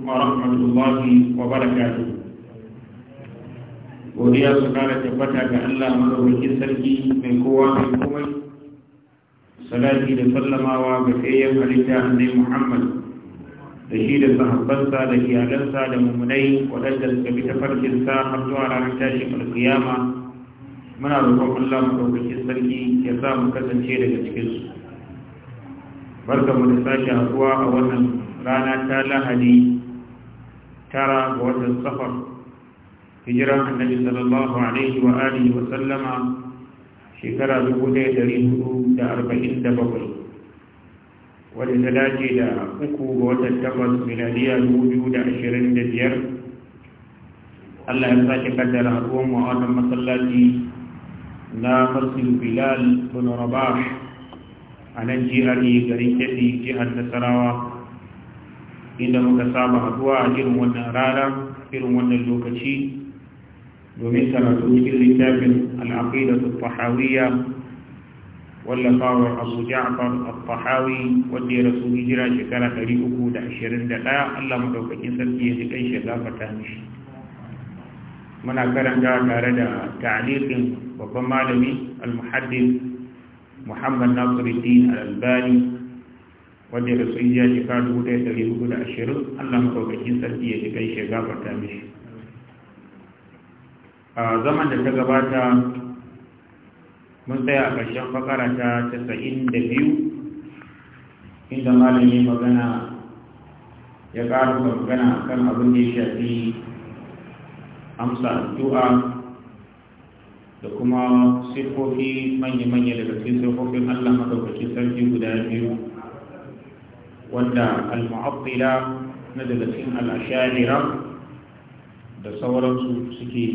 warahmatullahi الله godiya su kara tabbata ga Allah madaukakin sarki mai kowa mai komai salati da sallamawa ga kayyar halitta annai Muhammad da shi da sahabbansa da iyalansa da mummunai wadanda suka bi sa har zuwa ranar tashin alkiyama muna roƙon Allah madaukakin sarki ya sa mu kasance daga cikinsu barka mu da sake haɗuwa a wannan rana ta lahadi tara ga watan safar hijiran annabi sallallahu alaihi wa alihi wa sallama shekara 1447 wadda ta dace da uku ga watan takwas miladiya 2025 Allah ya sake kaddara haɗuwan mu a masallaci na masjid Bilal bin Rabah a nan e jihar garin inda muka saba haduwa a irin wannan rana irin wannan lokaci domin karatu cikin littafin al'aqida al-tahawiyya wallafawar abu ja'far al-tahawi wanda ya rasu hijira shekara 321 Allah madaukakin sarki ya ji kai shekara ta mishi muna karanta tare da ta'liqin babban malami al-muhaddis Muhammad Nasiruddin Al-Albani wanda ya rasu ya shekara dubu ɗaya ɗari hudu da ashirin allah maɗaukakin sarki ya shiga ya gafarta mishi a zaman da ta gabata mun tsaya a ƙarshen fakara ta casa'in da biyu inda malami magana ya ƙara magana kan abin da ya shafi amsa addu'a da kuma siffofi manya-manya daga cikin siffofin Allah madaukakin sarki guda biyu wanda al-mu'attila na daga cikin al-ashadira da sauransu suke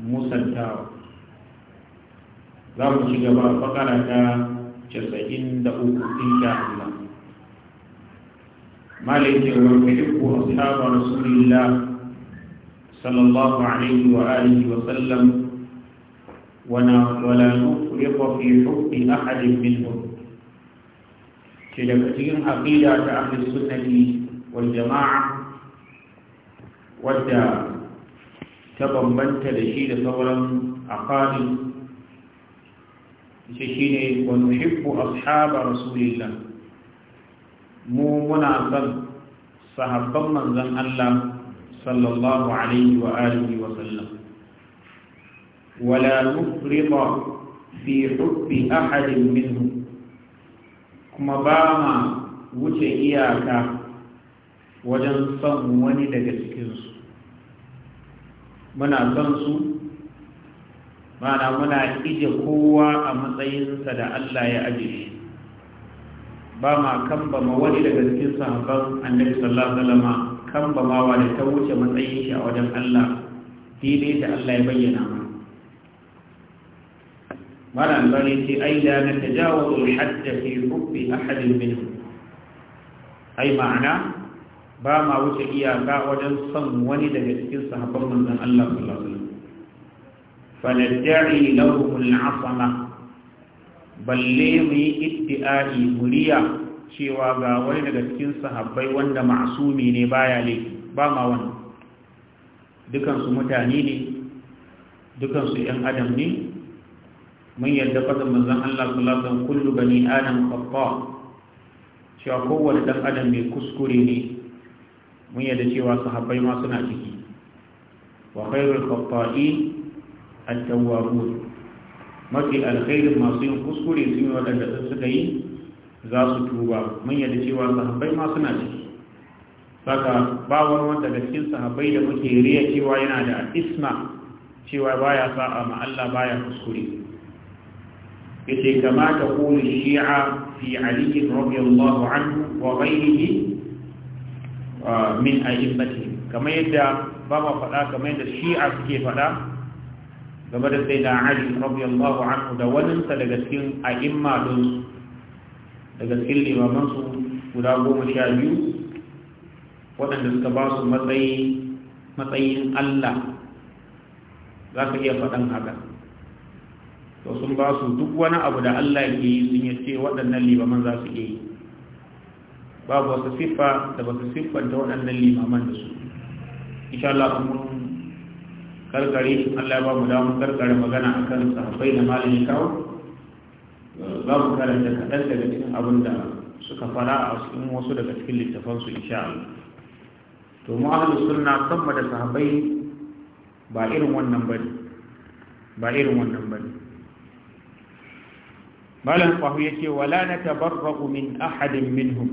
musanta, za mu ci gaba fakara ta casa'in da uku insha Allah malai ce wa yuhibbu ashabu rasulillah sallallahu alaihi wa alihi wa sallam wa la nufriqu fi hubbi ahadin minhum ke daga cikin aqida ta ahlus sunnati wal jama'a wadda ta bambanta da shi da sauran aqali shi shine wa Hibbu ashaba rasulillah mu muna son sahabban manzon Allah sallallahu alaihi wa alihi wa sallam wala nufrida fi hubbi ahadin minhum kuma ba ma wuce iyaka wajen son wani daga cikinsu muna son su mana muna ije kowa a matsayinsa da Allah ya ma kan ba ma wani daga cikin sahabban annabi sallallahu alaihi wasallam kambamawa da ta wuce matsayin shi a wajen Allah daidai da Allah ya bayyana ma malam bane ce ai da na tajawazu hadda fi hubbi ahadin minhum ai ma'ana ba ma wuce iyaka wajen son wani daga cikin sahabban manzon Allah sallallahu alaihi wasallam fa nad'i lahum al'asama balle mu yi iddi'ai muriya cewa ga wani daga cikin sahabbai wanda ma'asumi ne baya laifi ba ma wannan dukansu mutane ne dukansu 'yan adam ne mun yarda fadin manzon Allah sallallahu alaihi kullu bani adam khata cewa kowane dan adam mai kuskure ne mun yarda cewa sahabbai ma suna ciki wa khairul khata'in at-tawwabun mafi alkhairin masu yin kuskure su yi waɗanda suka yi za su tuba mun yadda cewa sahabbai ma suna ciki saka ba wani wanda da cikin sahabbai da muke riya cewa yana da isma cewa baya sa'a ma Allah baya kuskure yace kama ta qulu shi'a fi ali radiyallahu anhu wa ghayrihi uh, min a'immatihi Kama yadda ba ma faɗa kamar yadda shi'a suke faɗa game da sai da ali radiyallahu anhu da waninsa daga cikin a'imma don daga cikin su, guda goma sha biyu waɗanda suka ba su matsayin Allah za ka iya faɗan haka to sun ba su duk wani abu da Allah ke yi sun ce waɗannan limaman za su yi babu wasu siffa da ba su siffanta waɗannan limaman da su insha Allah mun karkare Allah ba mu damu karkare magana akan sahabbai da malamin kawo Ba mu karanta kaɗan daga cikin abin da suka fara a cikin wasu daga cikin littafansu insha Allah to mu ahlus sunna sama da sahabbai ba irin wannan bane ba irin wannan bane malam fahu ya ce wala na tabarra'u min ahadin minhum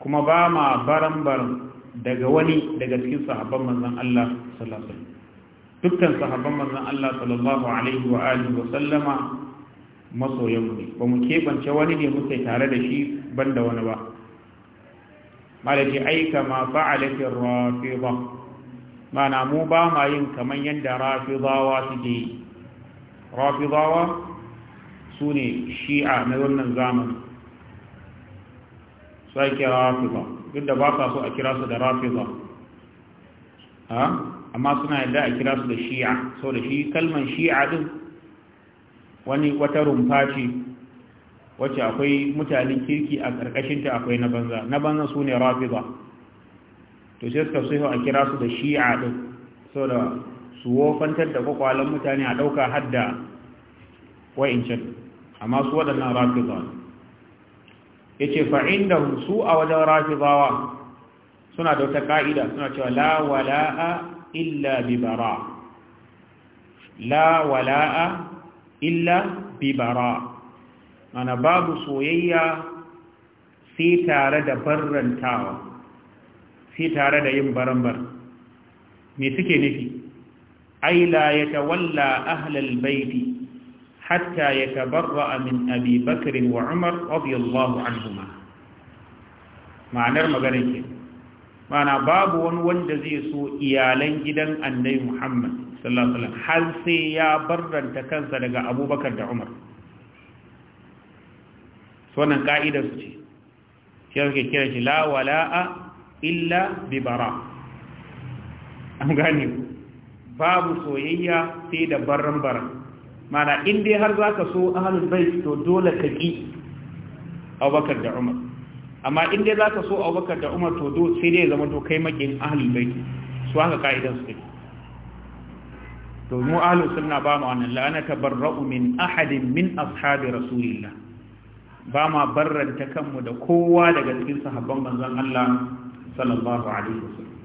kuma ba ma baran-baran daga wani daga cikin sahabban manzan Allah sallallahu alaihi wasallam dukkan sahabban manzan Allah sallallahu alaihi wa alihi wa sallama masoyan ne ba mu kebance wani ne muke tare da shi ban da wani ba malaji aika ma fa'alatin rafiza mana mu ba ma yin kaman yadda rafizawa suke yi rafizawa su ne shi'a na wannan zamani su ake rafiza duk da ba sa so a kira su da rafiza amma suna yadda a kira su da shi'a sau da shi kalman shi'a din wani wata rumfa ce wacce akwai mutanen kirki a ƙarƙashinta akwai na banza na banza su ne rafiza to sai suka so a kira su da shi'a din sau da su wofantar da kwakwalen mutane a ɗauka hadda wa'incan amma su waɗannan rafiza ya ce fa'in da su a wajen rafizawa suna da wata ƙa'ida suna cewa la wala'a illa bibara la wala'a illa bibara mana babu soyayya sai tare da barrantawa sai tare da yin barambar me suke nufi ai la ya tawalla ahlal baiti hatta ya tabarra min abi bakr wa umar radiyallahu anhuma ma'anar magana ke mana babu wani wanda zai so iyalan gidan annabi muhammad sallallahu alaihi wasallam har sai ya barranta kansa daga abubakar da umar wannan ka'idar su ce shi ake shi la wala'a illa bi an gane babu soyayya sai da baran baran mana in dai har za ka so ahalul bait to dole ka ƙi abubakar da umar amma in dai za ka so abubakar da umar to sai dai zama to kai makin ahalul bait su haka ka'idan su take to mu ahlus suna ba mu wannan la'ana ta tabarra'u min ahadin min ashabi rasulillah ba ma barranta kanmu da kowa daga cikin sahabban manzon Allah sallallahu alaihi wasallam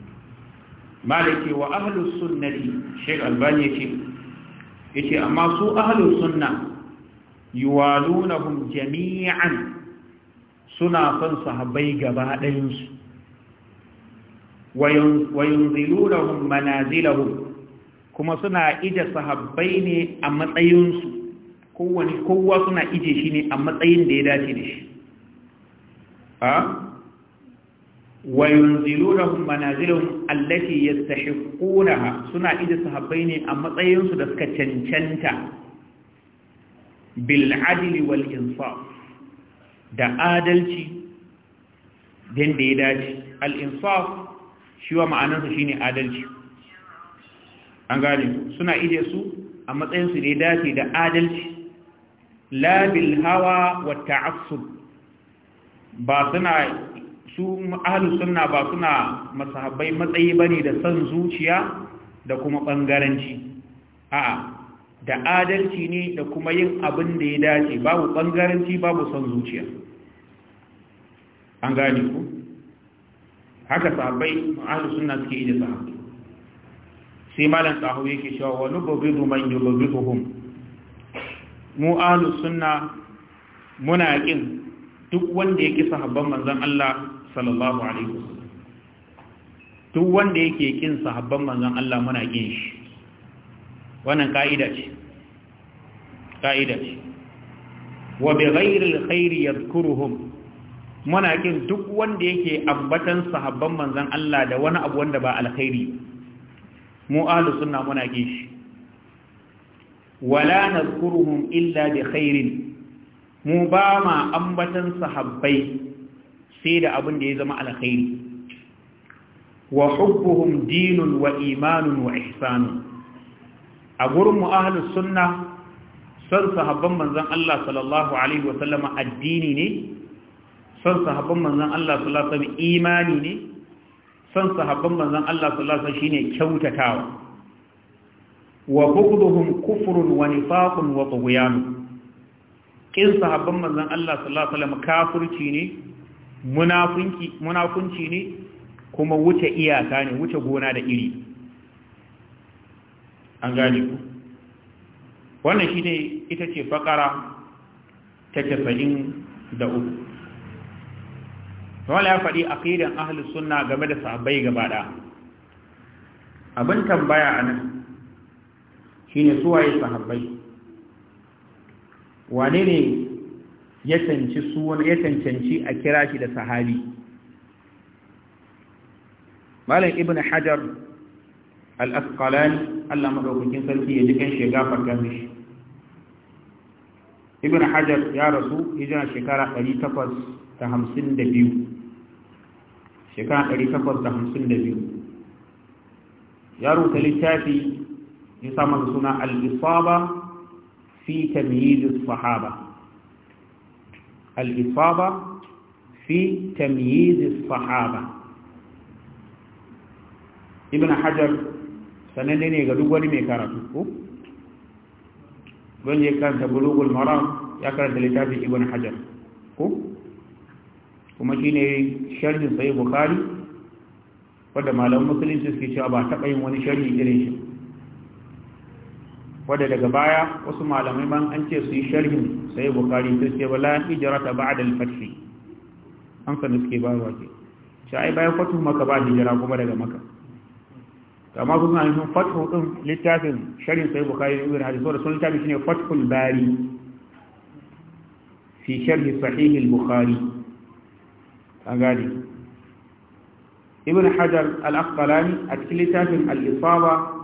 malaki wa ahlus sunnati shaykh albani yake yace amma su ahlus sunna yuwalunahum jami'an suna son sahabbai gaba ɗayan su wayunzilunahum manazilahum kuma suna ije sahabbai ne a matsayin su kowa suna ije shi ne a matsayin da ya dace da shi a ah? وينزلونهم منازلهم التي يستحقونها سنا إذا صحبين أما طيّن سدسك تنشنتا بالعدل والإنصاف دا آدلتي دين ديداتي الإنصاف شوى معناه شيني آدلتي أنقالي سنا إذا سو أما طيّن سديداتي دا آدلتي لا بالهوى والتعصب ba suna su ahlus sunna ba suna masahabbai matsayi bane da san zuciya da kuma bangaranci a'a da adalci ne da kuma yin abin da ya dace babu bangaranci babu san zuciya an gane ku haka sahabbai ahlus sunna suke yi da sahabbai sai malam tsaho yake cewa wa nubabidu man yubabiduhum mu ahlus sunna muna kin duk wanda yake sahabban manzon Allah sallallahu alaihi duk wanda yake kin sahabban manzon Allah muna kin shi wannan kaida ce kaida ce wa bi ghairi alkhair yadhkuruhum muna kin duk wanda yake ambatan sahabban manzon Allah da wani abu wanda ba alkhairi mu ahlus sunna muna kin shi wala nadhkuruhum illa bi khairin mu ba ma ambatan sahabbai sai da abin da ya zama alkhairi wa hubbuhum dinun wa imanun wa ihsanun a gurin mu ahlus sunna san sahabban manzon Allah sallallahu alaihi wa sallama addini ne san sahabban manzon Allah sallallahu alaihi wa sallama imani ne san sahabban manzon Allah sallallahu alaihi wa sallama shine kyautatawa wa bughduhum kufrun wa nifaqun wa tughyan kin sahabban manzon Allah sallallahu alaihi wa sallama kafirci ne munafunci ne kuma wuce iyaka ne wuce gona da iri an gane ku wannan shi ne ita ce fakara ta tafadin da uku wala ya faɗi aqidan ahlus sunna game da sahabbai gaba abin tambaya a nan shine suwaye sahabbai wane ne ya cancanci sunan ya cancanci a kira shi da sahabi malam ibn hajar al-asqalani Allah madaukakin sarki ya jikin shi gafarta mishi ibn hajar ya rasu hijira shekara 852 shekara 852 ya rubuta littafi ya samu suna al-isaba fi tamyiz as-sahaba al-isaba fi tamyiz sahaba ibn hajar sananne ne ga duk wani mai karatu ko don ya karanta bulugul maram ya karanta littafin ibn hajar ko kuma shine sharhin sahih bukhari wanda malamin musulunci suke cewa ba taɓa yin wani sharhi irin shi wadda daga baya wasu malamai ban an ce su yi sharhin sai bukari sai ce wala hijrata ba'da al-fath an san suke ba waje sai ai bayan fatu maka ba hijira kuma daga maka kama kun ga sun fatu din littafin sharhin sai bukari ibn hadis da sun littafi shine fathul bari fi sharh sahih al-bukhari an gane ibn hajar al-asqalani a cikin littafin al-isaba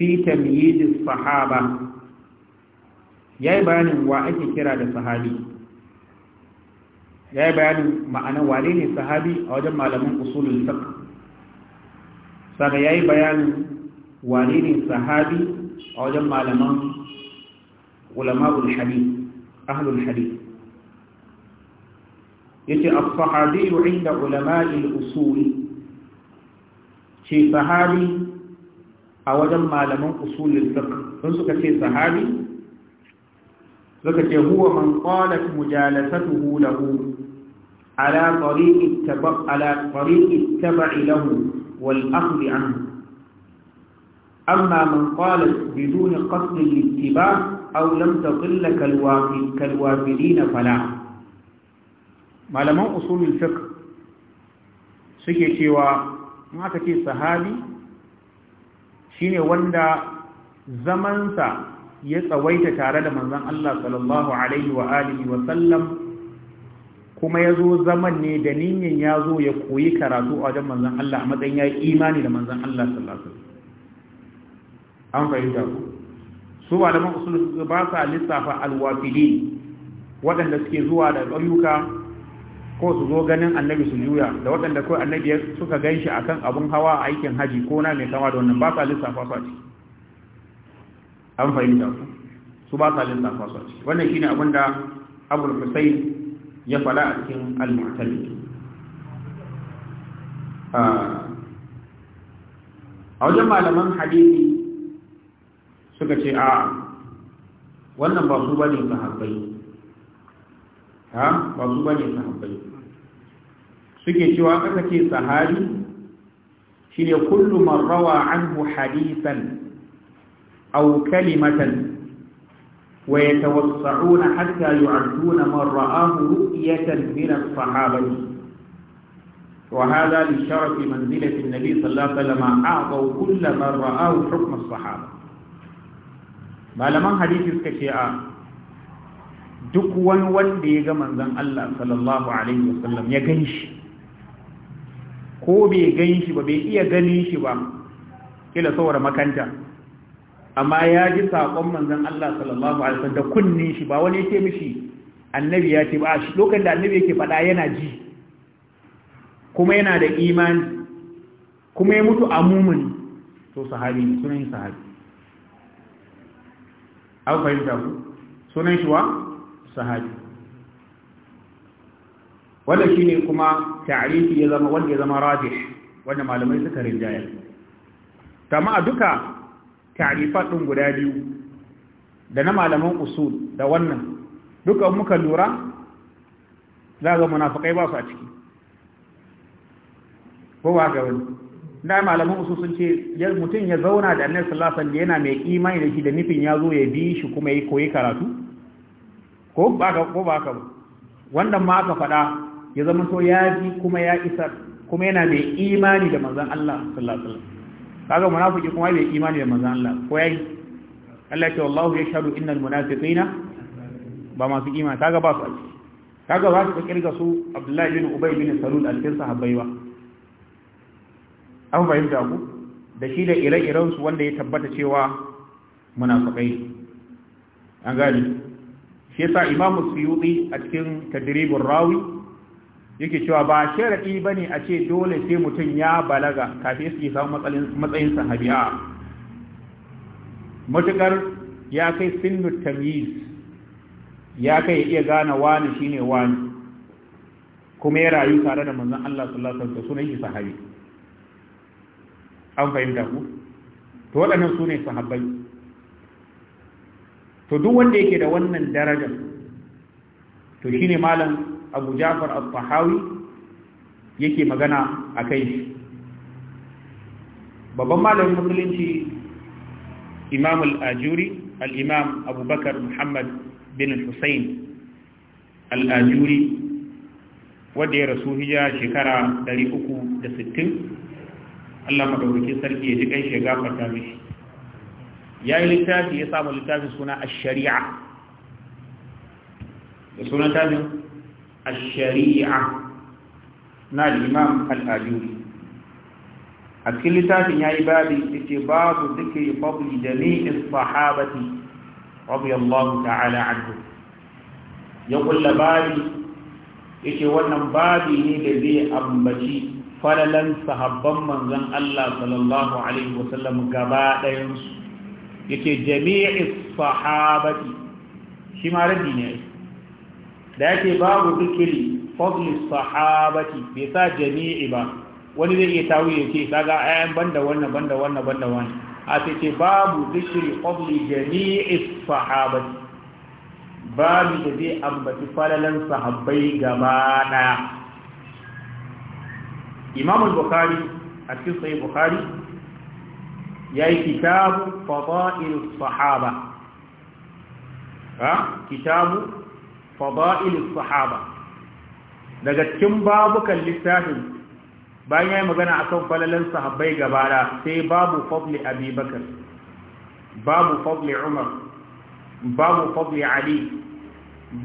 fi tamyiz sahaba yayi bayanin wa ake kira da sahabi yayi bayanin ma'ana wane ne sahabi a wajen malaman usulul fiqh saka yayi bayanin wane ne sahabi a wajen malaman ulama'ul hadith ahlul hadith yace as-sahabi 'inda ulama'il usul shi sahabi a wajen malaman usulul fiqh sun suka ce sahabi suka ce huwa man qalat mujalasatuhu lahu ala tariqi taba ala tariqi tabi lahu wal akhdh anhu amma man qalat bidun qasd al-ittiba' aw lam taqill kalwafidin fala malaman usulul fiqh suke cewa in aka ce sahabi shine wanda zamansa ya tsawaita tare da manzan Allah sallallahu alaihi wa alihi wa sallam kuma ya zo zaman ne da ya zo ya koyi karatu a wajen manzan Allah a matsayin yi imani da manzan Allah sallallahu alaihi an fahimta ku su ba da malaman usul ba sa lissafa alwafidi waɗanda suke zuwa da ƙauyuka ko su zo ganin annabi su juya da waɗanda kawai annabi suka gan shi akan abun hawa a aikin haji ko na mai kama da wannan ba sa lissafa su a ciki an fahimta ku su ba sa lissafa su a ciki wannan shine abin da abul husayn ya fada a cikin al-mu'tali ah, a wajen malaman hadisi suka ce a wannan ba su bane sahabbai ha ba su bane sahabbai suke cewa aka ce sahabi shine kullu man rawa anhu hadisan aw kalimatan wa yatawassa'una hatta yu'adduna man ra'ahu ru'yatan min as-sahabati وهذا لشرف منزلة النبي صلى الله عليه وسلم أعطوا كل من رآه حكم الصحابة malaman hadisi suka ce a duk wani wanda ya ga manzon Allah sallallahu alaihi wasallam ya gan shi ko bai gan shi ba bai iya ganin shi ba kila saboda makanta amma ya ji saƙon manzon Allah sallallahu alaihi wasallam da kunni shi ba wani ya mishi annabi ya ce ba shi lokacin da annabi yake faɗa yana ji kuma yana da imani kuma ya mutu a mumuni to sahabi ne sunan sahabi an fahimta ku sunan shi wa sahabi wanda ne kuma ta'arifi ya zama wanda ya zama rajih wanda malamai suka rinjaya a duka ta'arifa ɗin guda biyu da na malaman usul da wannan duka muka lura za ga munafakai ba su a ciki ko ba ga wani da malaman usul sun ce mutum ya zauna da annabi sallallahu da yana mai imani da shi da nufin ya zo ya bi shi kuma ya koyi karatu ko ba ka ba wannan ma aka faɗa ya zama so ya ji kuma ya isar kuma yana mai imani da manzan Allah sallallahu alaihi wasallam kaga munafiki kuma bai imani da manzan Allah ko yayi Allah ya ce wallahu yashhadu innal munafiqina ba masu imani kaga ba su aji kaga ba su kirga su Abdullahi bin Ubay bin Salul alkin sahabbai ba an fahimta ku da shi da ire-iren su wanda ya tabbata cewa munafiqai an gani shi yasa Imam Suyuti a cikin Tadribur Rawi yake cewa ba sharaɗi ba ne a ce dole sai mutum ya balaga kafin su yi samu matsayin sahabiya Matuƙar ya kai sinnu tamyiz ya kai ya iya gane wani shine wani kuma ya rayu tare da manzon Allah sallallahu alaihi wasallam sunan shi sahabi an fahimta ku to waɗannan sune sahabbai to duk wanda yake da wannan darajar to shine malam abu jafar al-fahawi yake magana a kai babban malamin musulunci imam al-ajuri al-imam abubakar muhammad bin hussein al-ajuri wadda ya rasu hijira shekara 360 Allah maɗaukakin sarki ya ji kai shiga farta mishi ya yi littafi ya samu littafin suna a shari'a da sunan tafin الشريعة na imam al'ajuri a cikin littafin ya yi babi yake babu zikiri fabli da ni'in sahabati rabiyallahu ta'ala anhu ya kulla babi yake wannan babi ne da zai ambaci falalan sahabban manzon Allah sallallahu Alaihi wasallam gaba ɗayansu yake jami'in sahabati shi ma ne da yake babu zikiri fadli sahabati bai sa jami'i ba wani zai iya tawo ya ce kaga ayan banda wannan banda wannan banda wani a ce ce babu zikiri fadli jami'i sahabati babu da zai ambaci falalan sahabbai gaba daya imam bukhari a cikin sahih bukhari yayi kitabu fada'il sahaba ha kitabu fada'ilus sahaba daga cikin babukan littafin bayan yayi magana akan falalan sahabbai gabara sai babu fadli Abi Bakar babu fadli Umar babu fadli Ali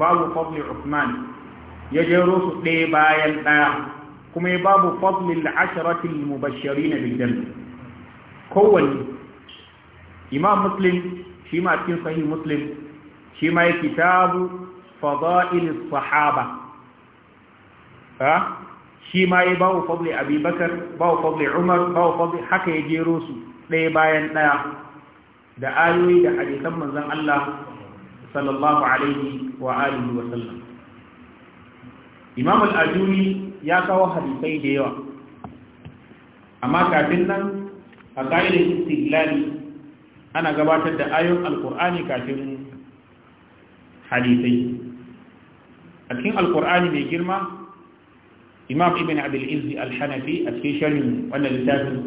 babu fadli Uthman ya jero su ɗaya bayan ɗaya kuma ya babu fadlil asharatil mubashirin bil janna kowani imam muslim shi ma cikin sahih muslim shi ma kitabu fada'il sahaba ha shi ma yi bawo fadli abubakar bawo fadli umar bawo fadli haka ya jero su ɗaya bayan ɗaya da ayoyi da hadisan manzon Allah sallallahu alaihi wa alihi wa sallam imam al-ajuri ya kawo hadisai da yawa amma kafin nan a ƙa'idar istiglali ana gabatar da ayon alkur'ani kafin hadisai a cikin alkur'ani mai girma imam ibn abil izzi al-hanafi a cikin sharhin wannan littafin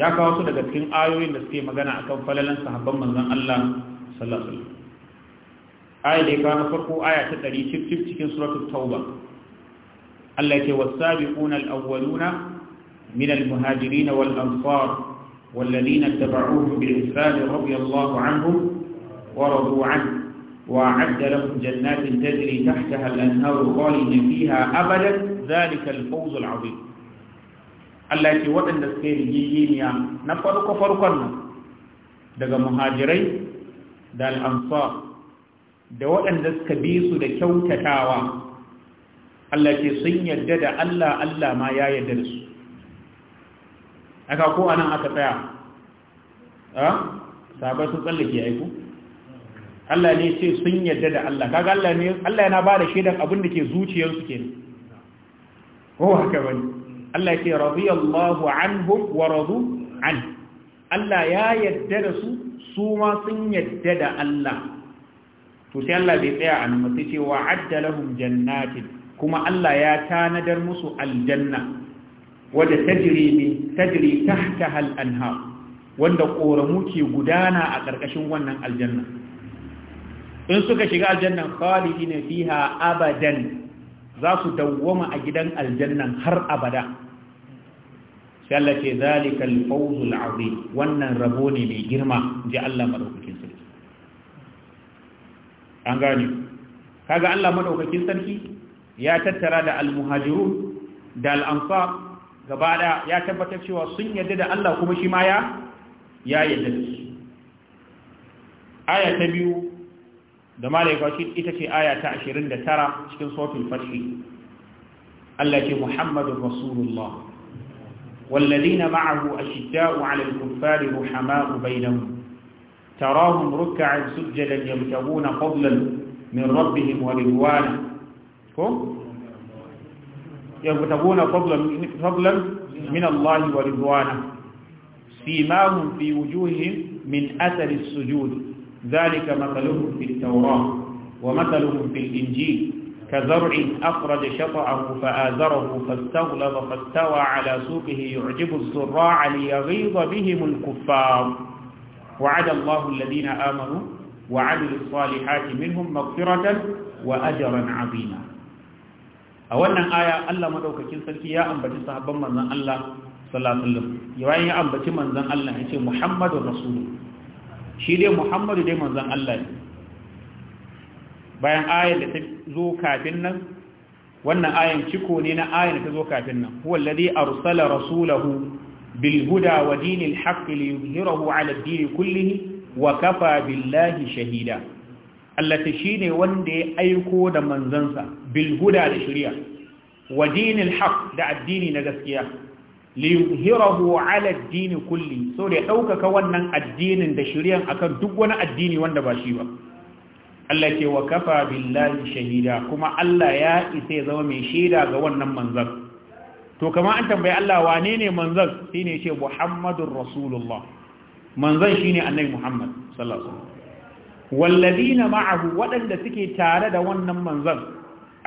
ya kawo su daga cikin ayoyin da suke magana akan falalan sahabban manzon Allah sallallahu alaihi wasallam da farko aya ta 100 cif cikin suratul tauba Allah yake was al-awwaluna min al-muhajirin wal-ansar والذين اتبعوهم بإحسان رضي الله عنهم ورضوا وأعد لهم جنات تجري تحتها الأنهار خالدين فيها أبدا ذلك الفوز العظيم الله يتي ودن دسكير جيجينيا نفرق فرقنا daga muhajirai da al'ansar da waɗanda suka bi su da kyautatawa Allah ke sun yarda da Allah Allah ma ya yarda da su aka ko anan aka tsaya a sabai sun Allah ne sai sun yadda da Allah kaga Allah ne Allah yana ba da shaidan abin da ke zuciyarsu kenan ko haka bane Allah ke radiyallahu anhum wa radu an Allah ya yadda da su su ma sun yadda da Allah to sai Allah bai tsaya a nan ce wa adda lahum jannatin kuma Allah ya tanadar musu aljanna wadda tajri min tajri tahtaha al-anhar wanda koramu ke gudana a ƙarƙashin wannan aljanna in suka shiga aljannan khalidina fiha abadan za su dawwama a gidan aljannan har abada sai Allah ce zalika al-fawzul azim wannan rabo ne mai girma ji Allah madaukakin sarki an gane kaga Allah madaukakin sarki ya tattara da al-muhajirun da al-ansar gaba da ya tabbatar cewa sun yarda da Allah kuma shi ma ya ya yarda da shi aya ta biyu da malaikaci ita ce aya ta tara cikin sautin fashi Allah ce Muhammadu Rasulullah wallazina ma'ahu ashidda'u 'ala al-kuffari ruhama'u bainahum tarahum ruk'an sujjadan yamtahuna fadlan min rabbihim wa ridwana ko yamtahuna fadlan min Allah wa ridwana simahum fi wujuhihim min athari as-sujudi ذلك مثلهم في التوراة ومثلهم في الإنجيل كزرع أخرج شطعه فآزره فاستغلظ فاستوى على سوقه يعجب الزراع ليغيظ بهم الكفار وعد الله الذين آمنوا وعملوا الصالحات منهم مغفرة وأجرا عظيما أولا آية الله مدوك كنسلك يا أنبتي صحبا من الله صلى الله عليه وسلم يا أنبتي من الله محمد رسول الله shi dai muhammadu dai manzan Allah ne bayan ayar da ta zo kafin nan wannan ayan ciko ne na ayan da ta zo kafin nan huwa alladhi arsala rasulahu bil huda wa dinil haqq li yuzhirahu ala ad-din kullihi wa kafa billahi shahida Allah ta shine wanda ya aiko da manzansa bil huda da shari'a wa dinil haqq da addini na gaskiya liyuhirahu ala addini kulli so da ya ɗaukaka wannan addinin da shiryan akan duk wani addini wanda ba shi ba Allah ce wa kafa billahi shahida kuma Allah ya isa ya zama mai shaida ga wannan manzan to kama an tambayi Allah wane ne manzan shine ce Muhammadur Rasulullah manzan shine Annabi Muhammad sallallahu alaihi wasallam walladina ma'ahu waɗanda suke tare da wannan manzan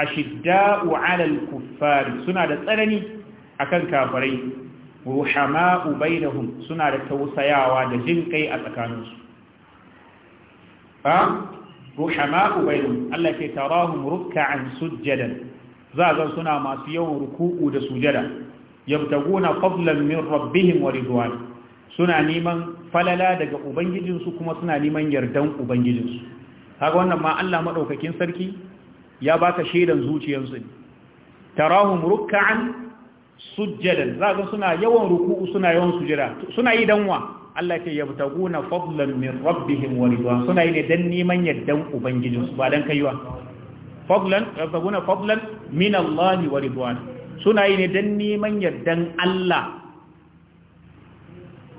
ashidda'u 'alal kuffari suna da tsanani akan kafirai ruhama'u bainahum suna da tausayawa da jin kai a tsakaninsu ha ruhama'u bainahum Allah ke tarahum ruk'an sujjadan zan suna masu yawan ruku'u da sujada yabtaguna fadlan min rabbihim wa ridwan suna neman falala daga ubangijinsu kuma suna neman yardan ubangijinsu kaga wannan ma Allah madaukakin sarki ya baka shaidan zuciyarsu tarahum ruk'an sujjadan za ga suna yawan ruku'u suna yawan sujjada suna yi danwa Allah ce yabtaguna fadlan min rabbihim wa ridwan suna yi ne dan neman yaddan ubangijin su ba dan kaiwa fadlan yabtaguna fadlan min Allah wa ridwan suna yi ne dan neman yaddan Allah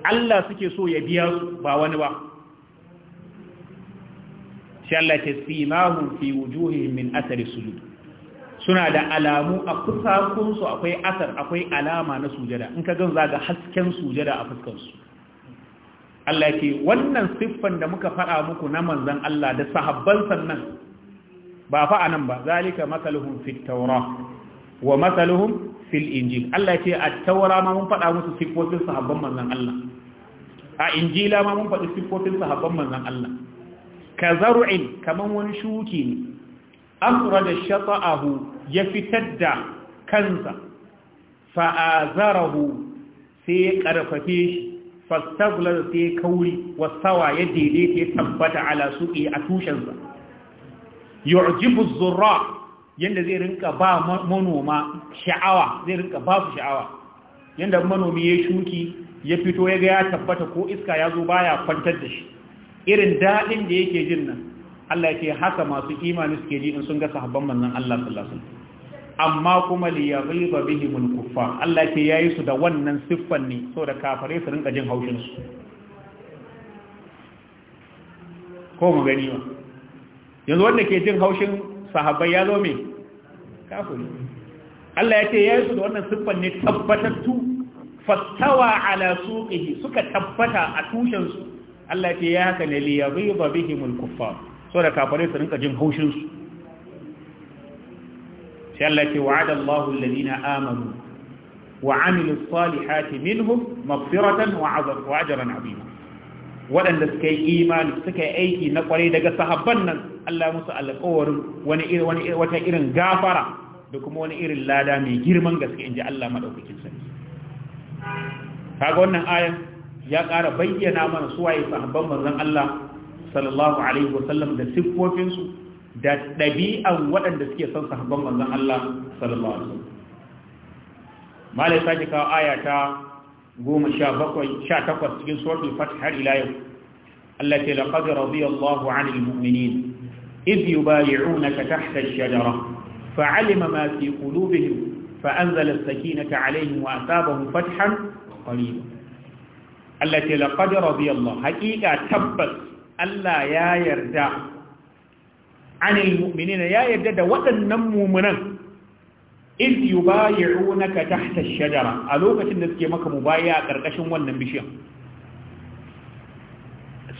Allah suke so ya biya su ba wani ba shi Allah ce simahum fi wujuhihim min athari sujud suna da alamu a kusa fusakunsu akwai asar akwai alama na sujada in ka gan za ga hasken sujada a fuskansu Allah ke wannan siffan da muka faɗa muku na manzan Allah da sahabban sannan ba fa'a nan ba zalika masaluhum fit tawra wa masaluhum fil injil Allah ke a tawra ma mun faɗa musu siffofin sahabban manzan Allah a injila ma mun faɗi siffofin sahabban manzan Allah ka zar'in kaman wani shuki ne An afrada shata'ahu ya fitar da kansa fa'azarahu sai ya ƙarfafe shi fastagular sai ya kauri wasawa ya daidaita ya tabbata ala suƙi a tushensa yu'jibu zurra yadda zai rinka ba manoma sha'awa zai rinka ba su sha'awa Yadda manomi ya shuki ya fito ya ga ya tabbata ko iska ya zo baya kwantar da shi irin daɗin da yake jin nan Allah ya ke haka masu imani suke ji in sun ga sahabban manzon Allah sallallahu alaihi amma kuma li bihi mun kuffa. Allah ke yayi su da wannan siffan ne so da kafare su rinka jin haushin su ko mu gani ba yanzu wanda ke jin haushin sahabbai ya zo me kafiri Allah ya ce yayi su da wannan siffan ne tabbatattu fastawa ala suqihi suka tabbata a tushen su Allah ya ce ya haka ne li bihi mun kuffa so da kafare su rinka jin haushin su sai Allah ce wa'ada Allahu alladhina amanu wa amilu salihati minhum maghfiratan wa ajran azima waɗanda suka yi imani suka yi aiki na kwarai daga sahabban nan Allah musu alƙawarin wani irin wani wata irin gafara da kuma wani irin lada mai girman gaske inji Allah madaukakin sarki kaga wannan ayan ya ƙara bayyana mana suwaye sahabban manzon Allah sallallahu alaihi wasallam da siffofinsu da ɗabi'an waɗanda suke son sahabban manzon Allah sallallahu alaihi wasallam malai sake kawo aya ta 17 18 cikin suratul fath har ila yau Allah ce laqad radiyallahu 'anil mu'minin idh yubayi'unaka tahta ash-shajara fa'alima ma fi qulubihim فأنزل السكينة عليهم وأثابهم فتحا قريبا التي لقد رضي الله حقيقة تبت ألا يا يرجع anil na ya yarda da waɗannan mumunan iz yubayi'unaka tahta ash-shajara a lokacin da suke maka mubaya a karkashin wannan bishiyar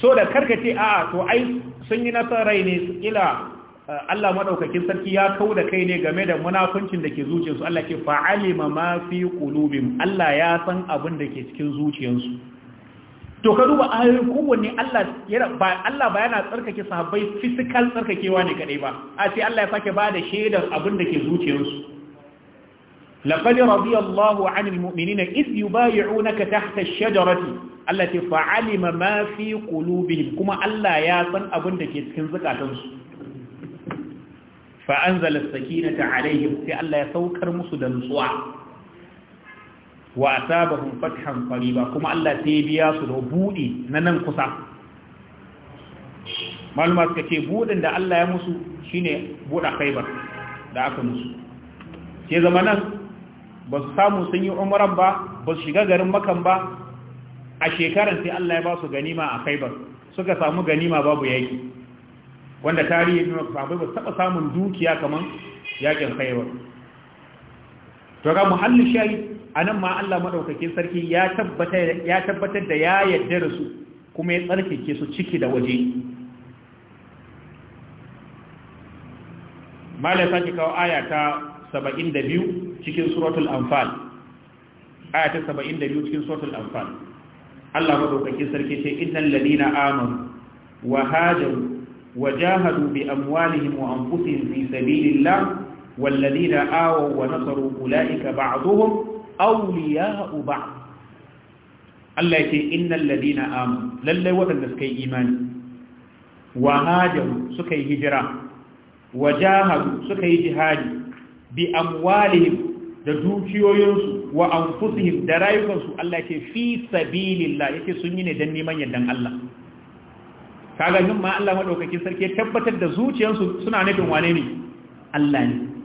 so da karkace a to ai sun yi nasarai ne kila eh, Allah maɗaukakin sarki ya kau da kai ne game da munafuncin da ke zuciyarsu Allah ke fa'alima ma fi Allah ya san abin da ke cikin zuciyarsu to ka duba ayoyin kowanne Allah yana ba Allah ba yana tsarkake sahabbai physical tsarkakewa ne kadai ba a sai Allah ya sake bada shaidar abin da ke zuciyarsu laqad radiyallahu 'anil mu'minina iz yubay'unaka tahta ash-shajarati allati fa'alima ma fi qulubihim kuma Allah ya san abin da ke cikin zukatansu fa anzala as-sakinata 'alayhim sai Allah ya saukar musu da nutsuwa wa asabahum fathan qariba kuma Allah sai biya su da budi na nan kusa maluma suka ce budin da Allah ya musu shine buda Khaibar da aka musu sai zamanan ba su samu sun yi umran ba ba su shiga garin makan ba a shekaran sai Allah ya ba su ganima a Khaibar suka samu ganima babu yaki wanda tarihi ne sahabbai ba taba samun dukiya kaman yakin Khaibar to ga muhalli shayi anan ma Allah maɗaukakin sarki ya tabbatar da ya yadda da su kuma ya tsarkake su ciki da waje mala sake kawo aya ta 72 cikin suratul anfal aya ta 72 cikin suratul anfal Allah madaukakin sarki ce innal ladina amanu wa hajaru wa jahadu bi amwalihim wa anfusihim fi sabilillah والذين آووا ونصروا أولئك بعضهم auliya uba Allah yake innal ladina amanu lalle waɗanda suka yi imani wa hajaru suka yi hijira wa jahadu suka yi jihadi bi amwalihim da dukiyoyinsu wa anfusihim da rayukansu Allah yake fi sabilillah yake sun yi ne dan neman yardan Allah kaga nan ma Allah madaukakin sarki ya tabbatar da zuciyarsu suna nufin wane ne Allah ne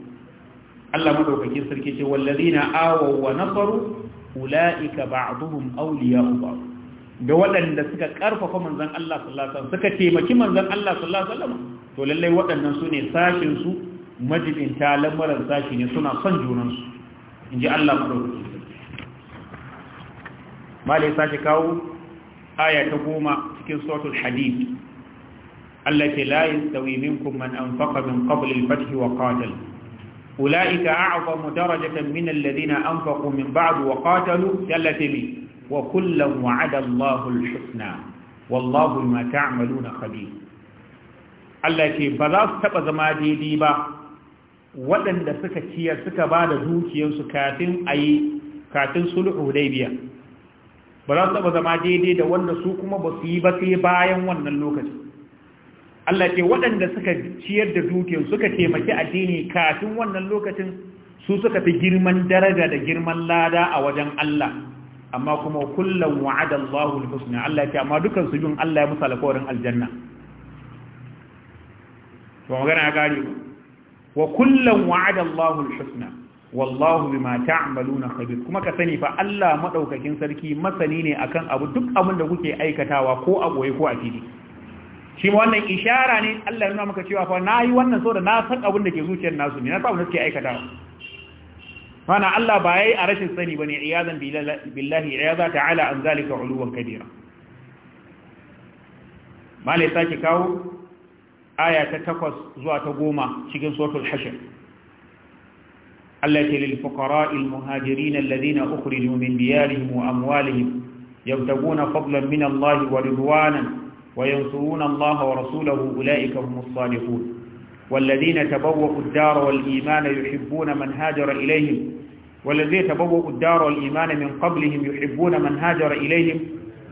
Allah madaukakin sarki ce wallazina awaw wa nasaru ulaika ba'dhum awliya'u ba, da waɗanda suka karfafa manzon Allah sallallahu alaihi wasallam suka taimaki manzon Allah sallallahu alaihi wasallam to lalle waɗannan sune sashin su majibin lamarin sashi ne suna son junan su inji Allah madaukakin Mali malai sashi kawo aya ta goma cikin suratul hadid Allah التي لا يستوي منكم من أنفق من قبل الفتح وقاتل أولئك أعظم درجة من الذين أنفقوا من بعد وقاتلوا ثلاثمي وكلا وعد الله الحسنى والله ما تعملون خبير Allah ke ba za su taɓa zama daidai ba waɗanda suka ciyar suka ba da dukiyarsu kafin a yi kafin sulhu biya. ba za su taɓa zama daidai da wanda su kuma basu yi ba sai bayan wannan lokacin Allah ce waɗanda suka ciyar da dukiyar suka taimaki addini kafin wannan lokacin su suka fi girman daraja da girman lada a wajen Allah amma kuma kullum wa'ada Allahu al-husna Allah ce amma dukan su jin Allah ya musu alƙawarin aljanna to magana gari wa kullum wa'ada Allahu al-husna wallahu bima ta'maluna khabir kuma ka sani fa Allah madaukakin sarki masani ne akan abu duk abin da kuke aikatawa ko a boye ko a fili shi ma wannan ishara ne Allah ya nuna maka cewa fa na yi wannan saboda na san abin da ke zuciyar nasu ne na sa wani suke aikata mana Allah ba yayi a rashin sani bane iyazan billahi iyaza ta'ala an zalika uluwan kabira malai sake kawo aya ta takwas zuwa ta goma cikin suratul hashr التي للفقراء المهاجرين الذين أخرجوا من ديارهم وأموالهم يبتغون فضلا من الله ورضوانا وينصرون الله ورسوله أولئك هم الصالحون والذين تبوأوا الدار والإيمان يحبون من هاجر إليهم والذين تبوأوا الدار والإيمان من قبلهم يحبون من هاجر إليهم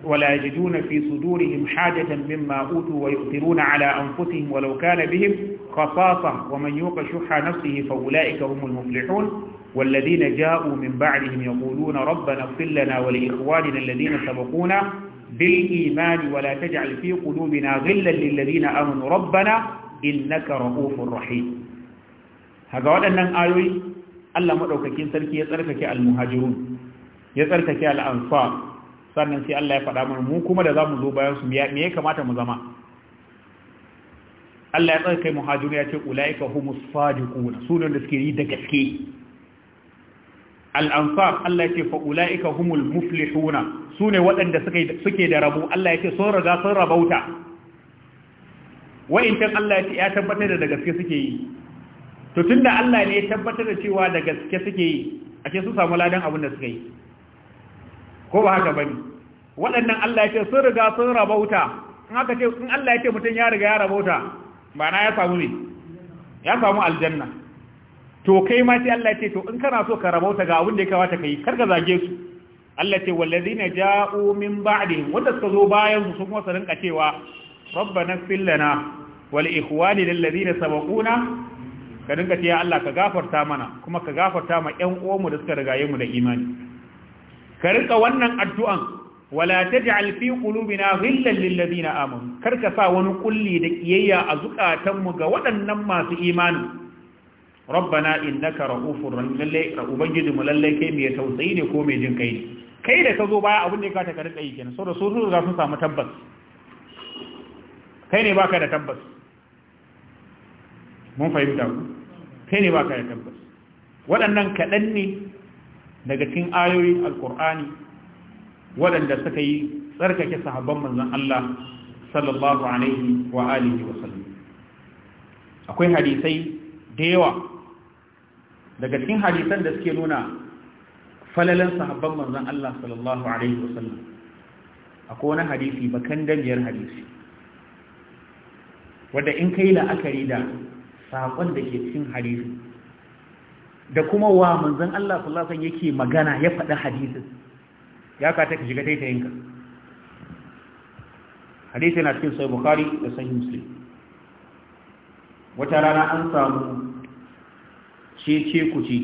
ولا يجدون في صدورهم حاجة مما أوتوا ويؤثرون على أنفسهم ولو كان بهم خصاصة ومن يوق شح نفسه فأولئك هم المفلحون والذين جاءوا من بعدهم يقولون ربنا اغفر لنا ولإخواننا الذين سبقونا بالإيمان ولا تجعل في قلوبنا غلا للذين آمنوا ربنا إنك رؤوف رحيم هذا أن آيوي الله مدوككين سلكي يتركك المهاجرون يتركك الأنصار sannan sai Allah ya faɗa mana mu kuma da zamu zo bayan su me ya kamata mu zama Allah ya kai muhajiru ya ce ulaika humus sadiquna sunan da suke yi da gaske al'ansar Allah ya ce fa'ula'ika humul shuna, su ne waɗanda suke da rabu Allah ya ce sun raga sun rabauta wa'intan Allah ya ce ya tabbatar da gaske suke yi to tun da Allah ne ya tabbatar da cewa da gaske suke yi a ke su samu ladan abin da suka yi ko ba haka ba ne? waɗannan Allah ya ce sun riga sun rabauta in aka ce in Allah ya ce mutum ya riga ya rabauta ba na ya samu ne ya samu aljanna to kai ma sai Allah ya ce to in kana so ka rabauta ga abin da ya kamata kai kar ka zage su Allah ce wallazina ja'u min ba'dihim wanda suka zo bayan su sun su rinka cewa rabbana fil lana wal ikhwani lil ladina sabaquna ka rinka ce ya Allah ka gafarta mana kuma ka gafarta ma ƴan uwanmu da suka rigaye mu da imani ka rinka wannan addu'an wala taj'al fi qulubina ghillan lil ladina amanu kar ka sa wani kulli da kiyayya a zukatanmu ga waɗannan masu imani rabbana innaka ra'ufur rahim lalle ubangiji mu lalle kai mai tausayi ne ko mai jin kai ne kai da ka zo baya abin da ka kata ka rika yi kenan da su su za su samu tabbas kai ne baka da tabbas mun fahimta ku kai ne baka da tabbas waɗannan kaɗan ne daga cikin ayoyin alkur'ani waɗanda suka yi tsarkake sahabban manzon Allah sallallahu alaihi wa alihi wa sallam akwai hadisai da yawa daga cikin hadisan da suke nuna falalan sahabban manzon Allah sallallahu alaihi wasallam akwai wani hadisi bakan damiyar hadisi wanda in kai la'akari da sakon da ke cikin hadisi da kuma wa manzon Allah sallallahu alaihi wasallam yake magana ya faɗi hadisin ya ka ta shiga taitayinka hadisi na cikin sahih bukhari da sahih muslim wata rana an samu Ce ce ku ce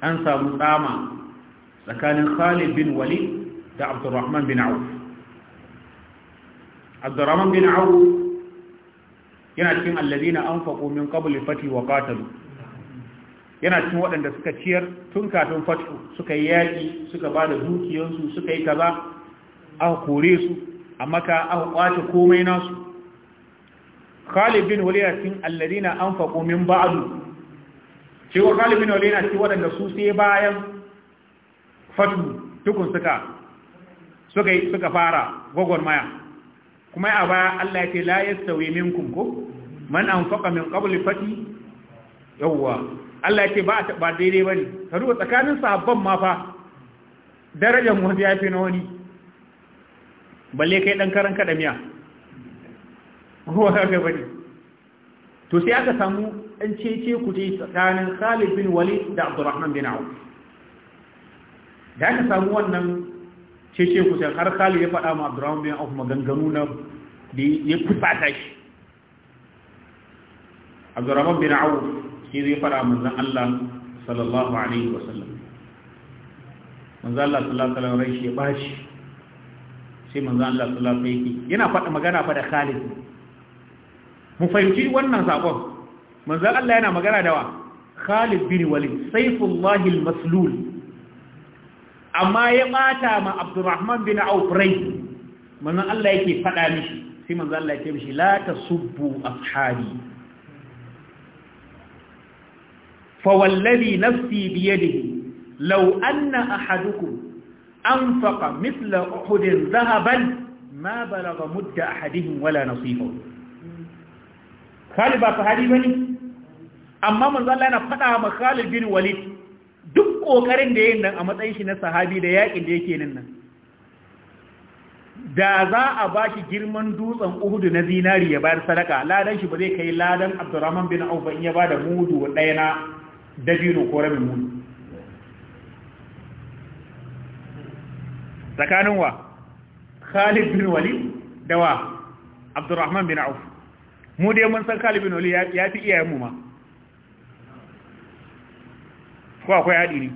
an samu dama tsakanin khalid bin wali da abdurrahman bin Awu. abdurrahman bin Awu yana cikin alladina an faƙo min ƙabul fati wa ƙatalu yana cikin waɗanda suka ciyar tun kafin fatu suka yi yaƙi suka ba da dukiyarsu suka yi kaza a kore su a maka aka ƙwace komai nasu khalid bin wali yana cikin alladina an faƙo min ba'adu shi wa galibin wale yana ci waɗanda su sai bayan fatu tukun suka suka suka fara maya kuma a baya Allah ya ce la yastawi minkum ko man anfaqa min qabli fati yawwa Allah ya ce ba ba daidai bane ka duba tsakanin sahabban ma fa darajar mu ya fi na wani balle kai dan karan kadamiya ko ka bane to sai aka samu ɗan cece ku dai tsakanin Khalid bin Walid da Abdurrahman bin Auf da aka samu wannan cece ku sai har Khalid ya faɗa ma Abdurrahman bin Auf maganganu na da ya fusata shi Abdurrahman bin Auf shi zai faɗa manzon Allah sallallahu alaihi wasallam manzon Allah sallallahu alaihi wasallam shi ya bashi sai manzon Allah sallallahu alaihi wasallam yana faɗa magana faɗa da Khalid mu fahimci wannan sakon manzo Allah yana magana da wa Khalid bin Walid Saifullah al-Maslul amma ya bata ma Abdurrahman bin Auf rai manzan Allah yake fada mishi sai manzo Allah yake mishi la tasubbu ashabi fa wallazi nafsi bi yadihi law anna ahadukum أنفق مثل أحد ذهبا ما بلغ مد أحدهم ولا نصيفه خالبا فهدي بني amma manzo Allah yana fada ma Khalid bin Walid duk kokarin da yayin nan a matsayin shi na sahabi da yakin da yake nan da za a bashi girman dutsen Uhud na zinari ya bayar sadaka ladan shi ba zai kai ladan Abdurrahman bin Auf in ya bada mudu ɗaya na dabino ko rabin mudu tsakanin wa Khalid bin Walid da wa Abdurrahman bin Auf mu dai mun san Khalid bin Walid ya fi iyayen mu ma ko akwai hadiri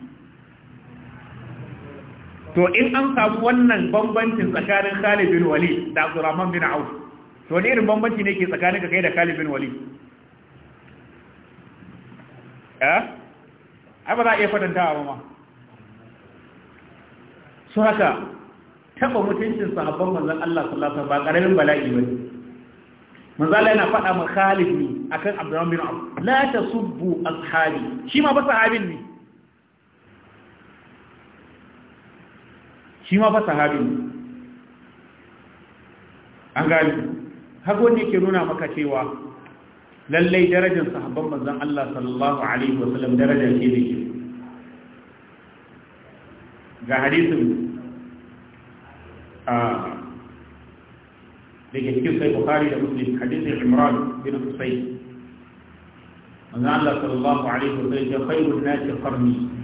to in an samu wannan bambancin tsakanin Khalid bin Walid da Abdurrahman bin Auf to ne irin bambanci ne ke tsakanin ka kai da Khalid bin Walid eh ai ba za a iya fadanta ba ma su haka taba mutuncin sahabban manzon Allah sallallahu alaihi wasallam ba karamin bala'i bane manzo Allah yana faɗa ma Khalid ne akan Abdurrahman bin Auf la tasubbu ashabi shi ma ba sahabin ne shi ma ba sahabi ne an gani hago ne ke nuna maka cewa lallai darajar sahabban manzon Allah sallallahu alaihi wasallam darajar ke da ke ga hadisin a ah, da ke cikin sai bukari da muslim hadisin imran bin husayn manzon Allah sallallahu alaihi wasallam ya khairun Sun qarni ne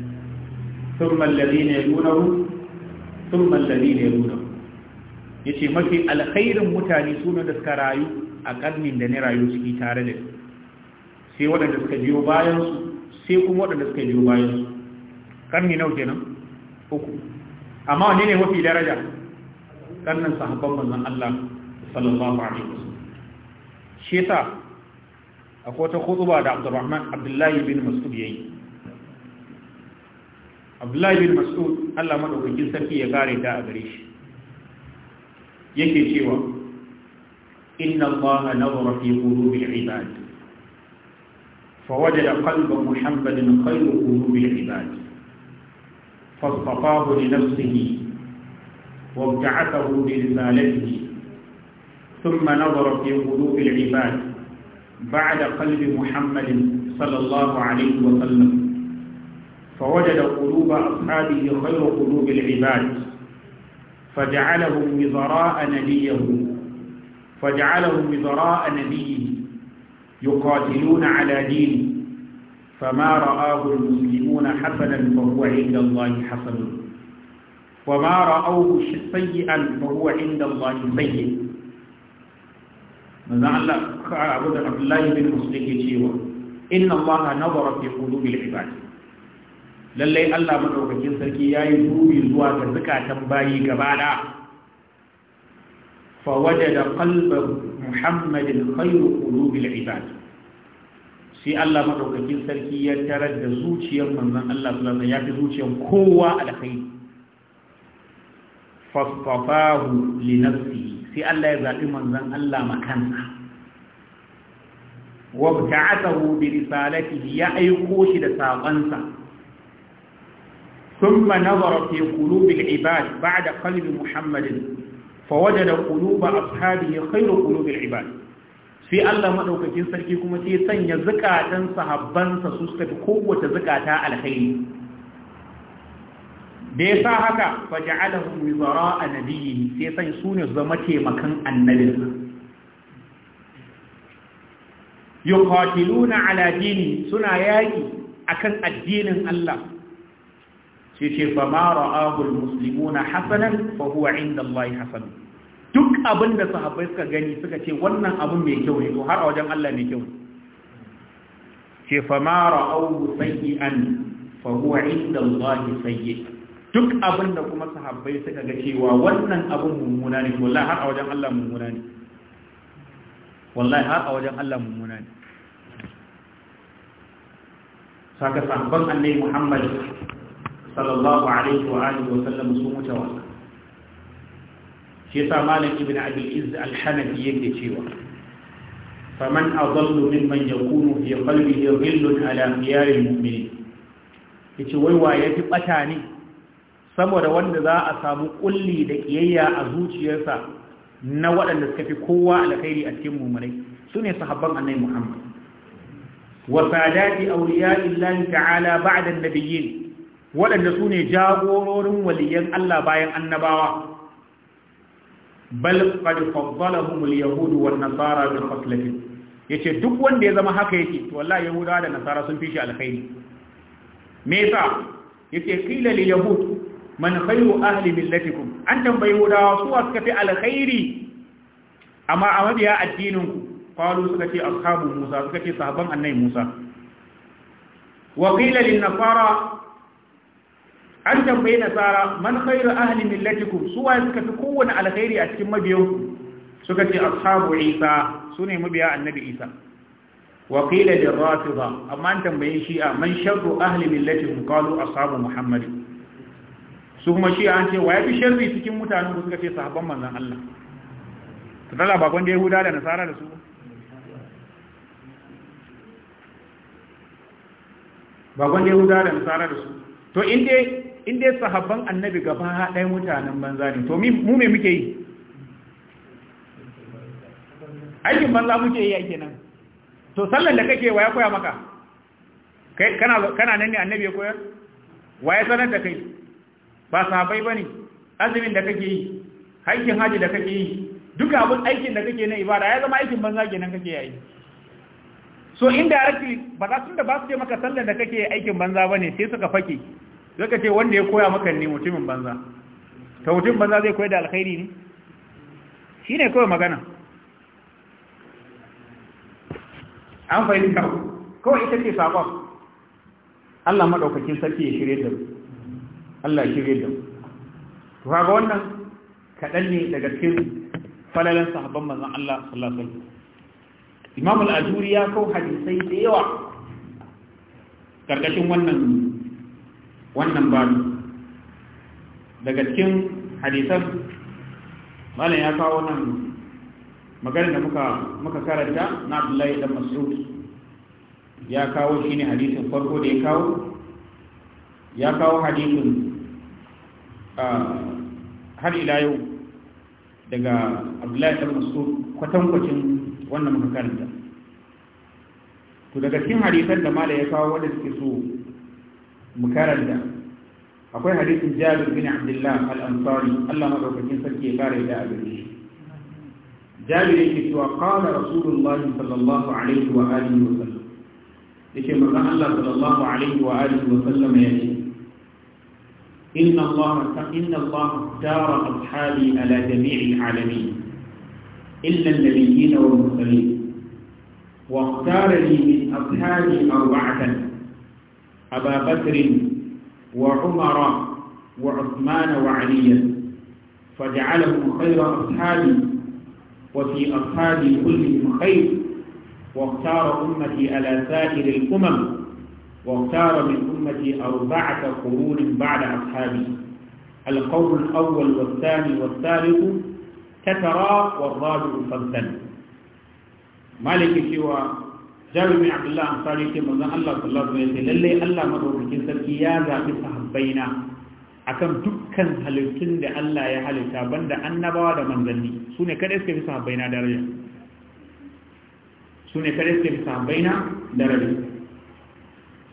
الذين يلونه thumma alladhina yaluna yace mafi alkhairin mutane suna da suka rayu a karnin da ne rayu ciki tare da sai waɗanda suka biyo bayan su sai kuma waɗanda suka biyo bayan su karni nawa kenan uku amma wani ne mafi daraja karnin sahabban manzon Allah sallallahu alaihi wasallam shi yasa akwai wata khutba da Abdurrahman Abdullahi bin Mas'ud yayi abdullahi bin mas'ud Allah madaukakin sarki ya kare ta a gare shi yake cewa inna Allah nazara fi qulubi al-ibad fawajada qalba muhammadin khayru qulubi al-ibad fastafahu li nafsihi وابتعثه لرسالته ثم نظر في قلوب العباد بعد قلب محمد Sallallahu الله wa sallam. فوجد قلوب أصحابه خير قلوب العباد فجعلهم وزراء نبيه فجعلهم وزراء نبيه يقاتلون على دينه فما رآه المسلمون حسنا فهو عند الله حسن وما رأوه سيئا فهو عند الله سيء ماذا الله عبد الله بن مسلم إن الله نظر في قلوب العباد lallai Allah madaukakin sarki ya yi dubi zuwa ga zakatan bayi gaba da fa wajada qalba muhammadin khairu qulubil ibad sai Allah madaukakin sarki ya tarar da zuciyar manzon Allah sallallahu ya fi zuciyar kowa a alkhairi fasfafahu li nafsihi sai Allah ya zabi manzon Allah makansa wa ta'atahu bi risalatihi ya aiko shi da saƙonsa ثم نظر في قلوب العباد بعد da محمد فوجد قلوب أصحابه خير قلوب العباد sai Allah madaukakin sarki kuma sai sanya zakatan sahabbansa su suka fi kowace zakata alkhairi da ya sa haka faja'alahum wizara anabiyyi sai san su ne zama taimakan annabinsa yuqatiluna ala dini suna yaki akan addinin Allah sai ce fa ma ra'ahu hasanan fa huwa inda Allah hasan duk abin da sahabbai suka gani suka ce wannan abin mai kyau ne to har a wajen Allah mai kyau ce fa ma ra'ahu sayyi'an fa huwa inda Allah sayyi duk abin da kuma sahabbai suka ga cewa wannan abin mummuna ne wallahi har a wajen Allah mummuna ne wallahi har a wajen Allah mummuna ne saka sahabban annabi Muhammad sallallahu alaihi wa alihi wa sallam sun wuce wannan shi yasa malam ibn abul izz al-hanafi yake cewa faman adallu mimman yakunu fi qalbihi ghillun ala khiyar al-mu'minin yace wai wa yafi bata ne saboda wanda za a samu kulli da kiyayya a zuciyarsa na waɗanda suka fi kowa alkhairi a cikin mu'minai sune sahabban annabi Muhammad wa sadati awliya illahi ta'ala ba'da an-nabiyyin waɗanda su ne jagororin waliyan Allah bayan annabawa bal qad faddalahum al-yahud wan nasara bil faslatin yace duk wanda ya zama haka yake to wallahi yahudawa da nasara sun fi shi alkhairi me yasa yace qila lil yahud man khayru ahli millatikum an tambayi yahudawa su suka fi alkhairi amma a mabiya addinin ku qalu suka ce ashabu musa suka ce sahabban annabi musa wa qila lin nasara an tambayi nasara man khairu ahli millatikum su waye suka fi kowanne alkhairi a cikin mabiyanku suka ce ashabu isa Su ne mabiya annabi isa wa qila lir rafida amma an tambaye shi'a man sharru ahli millatikum qalu ashabu muhammad su kuma shi an ce waye fi sharri cikin mutanen ku suka ce sahabban manzon Allah to dala ba gonde yahuda da nasara da su ba gonde yahuda da nasara da su to in dai in dai sahabban annabi gaba haɗai mutanen banza ne to mu me muke yi aikin banza muke yi aiki nan to sallan da kake wa ya koya maka kana nan ne annabi ya koyar wa ya sanar da kai ba sahabai ba ne. azumin da kake yi aikin haji da kake yi duka abun aikin da kake na ibada ya zama aikin banza nan kake yi so indirectly ba za su da ba su ce maka sallan da kake aikin banza ba ne, sai suka fake zaka ce wanda ya koya maka ne mutumin banza ta mutumin banza zai koya da alkhairi ne shi ne kawai magana an fahimta kawai ita ce sabon Allah maɗaukakin sarki ya shirye da mu Allah ya shirye da mu to wannan kaɗan ne daga cikin falalan sahabban manzan Allah sallallahu alaihi wasallam al-Ajuri ya kawo hadisai da yawa Ƙarƙashin wannan wannan babu daga cikin hadisan malam ya kawo nan maganin da muka muka karanta na Abdullahi dan Mas'ud ya kawo shine hadisin farko da ya kawo ya kawo hadisin har ila yau daga Abdullahi dan Mas'ud kwatankwacin wannan muka karanta to daga cikin hadisan da malam ya kawo wanda suke so mu karanta akwai hadisin jabir bin abdullah al-ansari Allah madaukakin sarki ya kare da abin shi jabir yake cewa qala rasulullahi sallallahu alaihi wa alihi wa sallam yake manzon Allah sallallahu alaihi wa alihi wa sallam yake inna Allah inna Allah tara ashabi ala jami'il alamin illa an-nabiyyin wal mursalin واختار لي من أصحابي أربعة أبا بكر وعمر وعثمان وعليا فجعلهم خير أصحابي وفي أصحابي كلهم خير واختار أمتي على سائر الأمم واختار من أمتي أربعة قرون بعد أصحابي القول الأول والثاني والثالث تترى والرابع فمثل مالك سوى jabir bin abdullah amsari ce manzon Allah sallallahu alaihi wasallam lalle Allah madaukakin sarki ya zabi sahabbaina akan dukkan halittun da Allah ya halitta banda annabawa da manzanni sune kada suke fi sahabbaina daraja sune kada suke fi sahabbaina daraja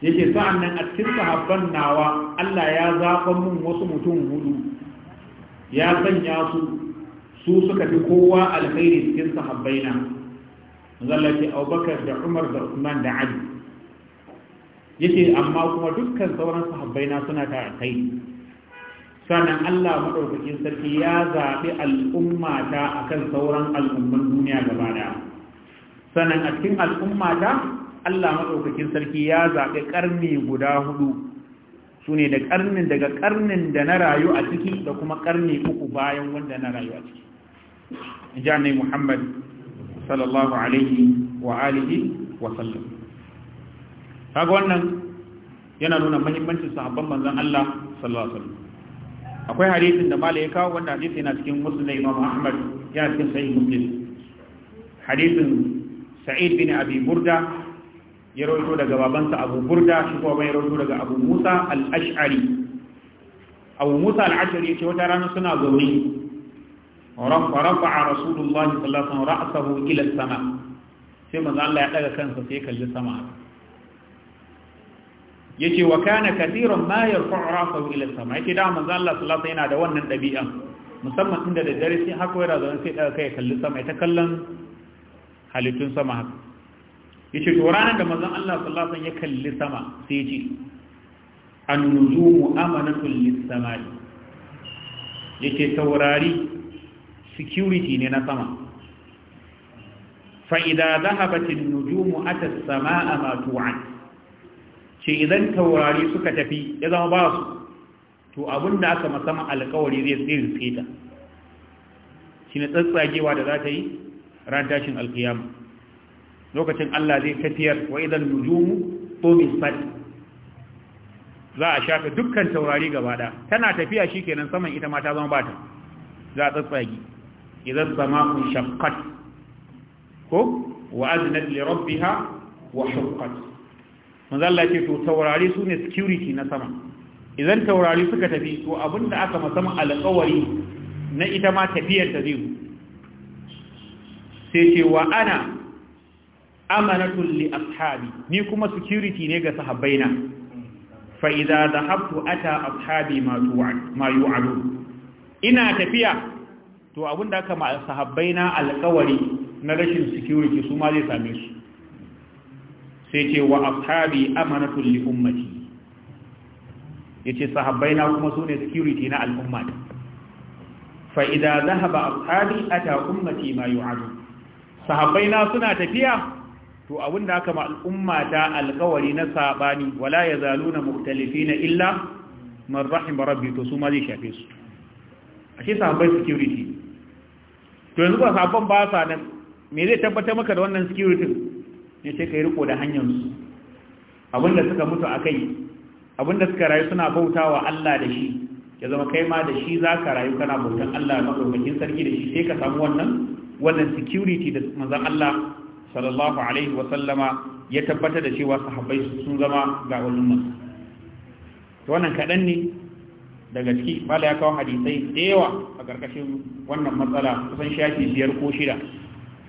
yake sa'an nan a cikin sahabban nawa Allah ya zaɓa mun wasu mutum hudu ya sanya su su suka fi kowa alkhairi cikin sahabbaina zallati abubakar da umar da usman da ali yake amma kuma dukkan sauran sahabbai na suna ta kai sannan Allah maɗaukakin sarki ya zaɓi al'umma ta akan sauran al'umman duniya gaba da sannan a cikin al'umma ta Allah maɗaukakin sarki ya zaɓi ƙarni guda hudu su ne da ƙarnin daga ƙarnin da na rayu a ciki da kuma ƙarni uku bayan wanda na rayu a ciki. Jami'ai Muhammad sallallahu alaihi wa alihi wa sallam kaga wannan yana nuna muhimmancin sahabban manzon Allah sallallahu alaihi wasallam akwai hadisin da malai ya kawo wanda hadisi yana cikin muslim imam ahmad yana cikin sahih muslim hadisin sa'id bin abi burda ya rawaito daga babansa abu burda shi kuma ya rawaito daga abu musa al-ash'ari abu musa al-ash'ari ce wata rana suna zaune ورفع رسول الله صلى الله عليه وسلم رأسه إلى السماء sai manzo Allah ya daga kansa sai kalli sama yace wa kana kathiran ma yarfa'u ra'sahu ila da manzo Allah sallallahu alaihi da wannan dabi'a musamman inda da dare sai haka yana zaune sai daga kalli sama ita kallon halittun sama haka yace ranar da manzo Allah ya kalli sama sai yace taurari security ne na sama fa'ida zahabatin nujumu ata sama'a matu'an ce idan taurari suka tafi ya zama ba su to abin da aka masama alkawari zai tsirin tseta shi ne tsatsagewa da za ta yi ran tashin alkiyama lokacin Allah zai tafiyar wa idan nujumu to misfat za a shafe dukkan taurari gaba tana tafiya shi kenan saman ita ma ta zama ta. za a tsatsage idan sama'un shaqqat ko wa aznat li rabbiha wa shaqqat manzo Allah ce to taurari sune security na sama idan taurari suka tafi to abinda aka masama alƙawari na ita ma tafiyar ta zai sai ce wa ana amanatun li ashabi ni kuma security ne ga sahabbaina fa idza dhahabtu ata ashabi ma tu'ad ma yu'adu ina tafiya to abin da aka ma sahabbai na alkawari na rashin security su ma zai same su sai ce wa ashabi amanatul li ummati yace sahabbai na kuma sune security na al'umma fa idza dhahaba ashabi ata ummati ma yu'adu sahabbai na suna tafiya to abinda aka ma al'umma ta alkawari na sabani wala ya zaluna mukhtalifina illa man rahim rabbi to su ma zai shafe su ashe sahabbai security to yanzu ba sabon ba sa nan me zai tabbatar maka da wannan security ne sai kai riko da hanyar su abinda suka mutu akai abinda suka rayu suna bautawa Allah da shi ya zama kai ma da shi za ka rayu kana bautan Allah madaukakin sarki da shi sai ka samu wannan wannan security da manzon Allah sallallahu alaihi wa sallama ya tabbata da cewa sahabbai sun zama ga To wannan kadan ne daga ciki mala ya kawo hadisai da yawa a ƙarƙashin wannan matsala kusan shafi biyar ko shida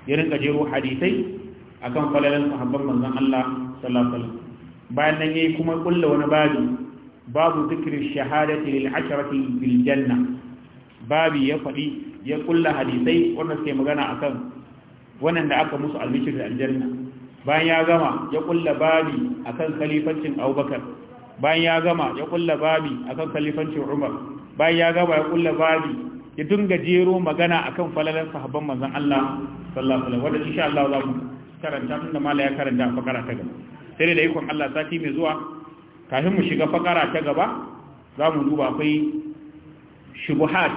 ya rinka jero hadisai akan falalin sahabban manzan Allah sallallahu alaihi wasallam bayan nan yayi kuma kulla wani babu babu shahada shahadati lil asharati bil janna babi ya faɗi ya kulla hadisai wanda suke magana akan wannan da aka musu albishir da aljanna bayan ya gama ya kulla babi akan khalifancin Abubakar bayan ya gama ya kulla babi akan kalifancin Umar bayan ya gama ya kulla babi ya dinga jero magana akan falalan sahabban manzon Allah sallallahu alaihi wasallam insha Allah za mu karanta tun da mala ya karanta fakara ta gaba sai da ikon Allah sati mai zuwa kafin mu shiga fakara ta gaba za mu duba akwai shubuhat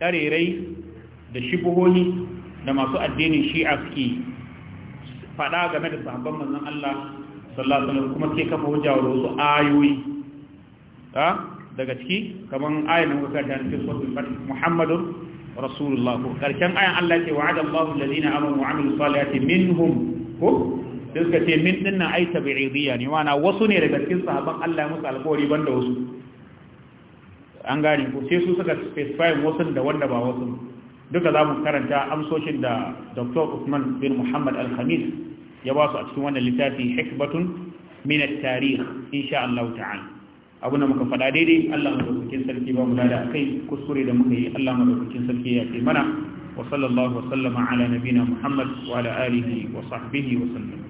karerai da shubuhoni da masu addinin shi'a suke faɗa game da sahabban manzon Allah sallallahu alaihi kuma ke kafa hujja wa wasu ayoyi ha daga ciki kaman ayan da kuka ta cikin suratul fath muhammadur rasulullah ko karshen ayan Allah ce wa'ada Allahu alladhina amanu wa amilus salihati minhum ko sai suka ce min din nan ai tabi'idiyya ne ma'ana wasu ne daga cikin sahabban Allah ya musu alƙawari banda wasu an gane ko sai su suka specify wasu da wanda ba wasu duka za mu karanta amsoshin da Dr. Usman bin Muhammad Al-Khamis ya ba su a cikin wannan littafi hikbatun min at-tarikh insha Allah ta'ala abuna muka faɗa daidai Allah madaukakin sarki ba mu da kai kuskure da muka yi Allah madaukakin sarki ya ce mana wa sallallahu wa sallama ala nabina Muhammad wa ala alihi wa sahbihi wa sallam